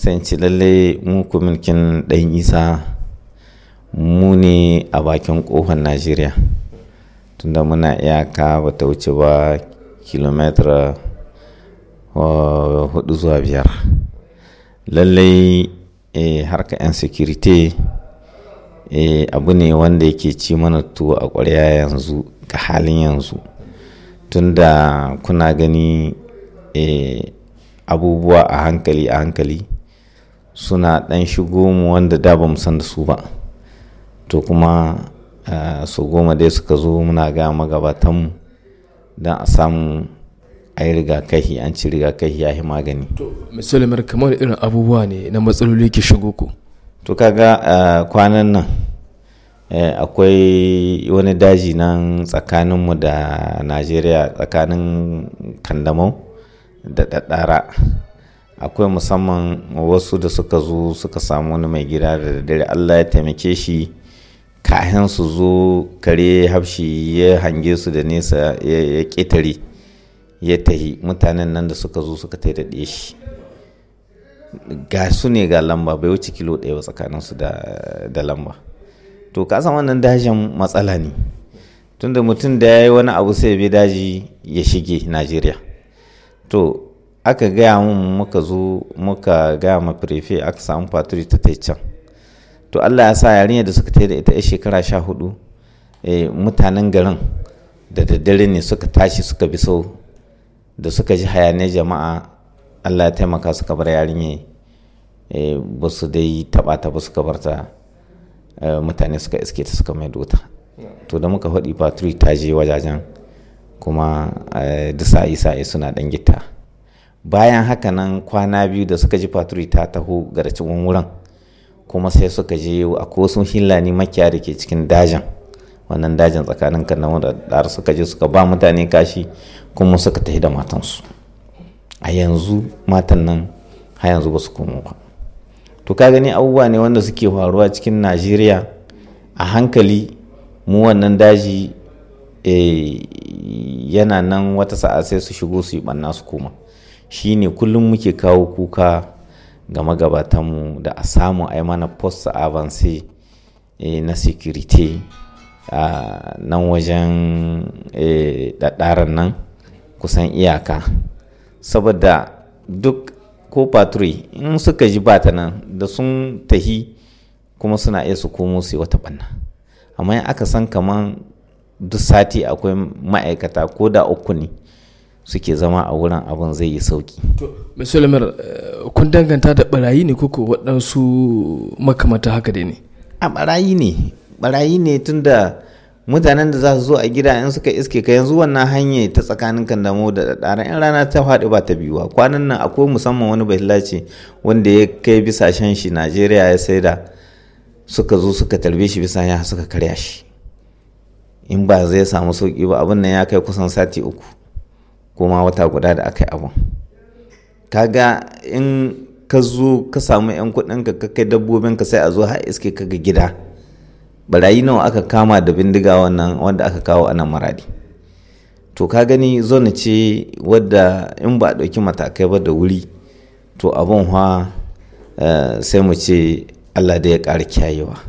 sai lallai lalle mu kuminkin ɗan isa mu ne a bakin ƙofar najeriya tunda muna iyaka ba ta wuce ba kilomita ah, hudu zuwa biyar lallai eh, harka 'yan security eh, abu ne wanda yake ci mana tuwo a ƙwarya yanzu ga halin yanzu tunda kuna gani eh, abubuwa a hankali a hankali suna ɗan shigo mu wanda da ba san da su ba to kuma su goma dai suka zo muna ga magabatanmu don a samu a yi rigakafi an ci rigakafi ya yi magani to misali kamar irin abubuwa ne na matsaloli ke shigo ku to kaga kwanan nan akwai wani daji nan tsakaninmu da najeriya tsakanin kandamau da daddara akwai musamman wasu da suka zo suka samu wani mai gida da daddare allah ya taimake shi kahin su zo kare hafshi ya hange su da nesa ya ƙetare ya tahi mutanen nan da suka zo suka tai daɗe shi ga su ne ga lamba bai wuce kilo ɗaya ba tsakanin su da lamba to ka san wannan dajin matsala ne tunda mutum da ya yi wani abu sai bai bi daji ya shige najeriya to aka gaya mun muka zo muka gaya ma prefe aka samu faturi ta ta can to allah ya sa yarinya da suka ta da ita shekara sha hudu eh, mutanen garin da daddare ne suka tashi suka bi sau da suka ji hayanai jama'a allah ya taimaka suka bar yarinya eh, ba su dai taba ta ba suka bar ta eh, mutane suka iske ta suka mai wuta to da muka faɗi faturi ta je wajajen kuma da sa'i sa'i suna ɗan gita bayan haka nan kwana biyu da suka ji faturi ta taho garcin wurin kuma sai suka je a hila hillani makiya da ke cikin dajin wannan dajin tsakanin kanawa da dar suka je suka ba mutane kashi kuma suka tafi da matansu a yanzu matan nan ha yanzu ba su komo ba to ka gani abubuwa ne wanda suke faruwa cikin najeriya a hankali mu wannan daji eh, yana nan wata sa'a sai su shigo su yi banna su koma shi ne kullum muke kawo kuka ga magabatanmu da a samu a mana post avance eh, na security a nan wajen eh, ɗaɗɗaran nan kusan iyaka saboda duk ko patrol in suka ji bata nan da sun tahi kuma suna iya su komo su wata banna amma in aka san kaman duk sati akwai ma'aikata ko da uku ne suke zama a wurin abin zai yi sauki. mr eh, kun danganta da barayi ne koko waɗansu makamata haka dai ne a barayi ne barayi ne tunda mutanen da za su zo a gida in suka iske ka yanzu wannan hanyar ta tsakanin kandamo da ɗara in rana ta faɗi ba ta biyuwa kwanan nan akwai musamman wani bai wanda ya kai bisa shan shi najeriya ya saida suka zo suka tarbe shi bisa ya suka karya shi in ba zai samu sauki ba abin nan ya kai kusan sati uku ko ma wata guda da aka yi abun kaga in ka zo ka samu 'yan kuɗinka ka kai dabbobin ka sai a zo har iske kaga gida barayi nawa aka kama da bindiga wannan wanda aka kawo anan maradi to ka gani na ce wadda in ba a ɗauki matakai ba da wuri to abin ha eh, sai mu ce allah da ya ƙara kyayewa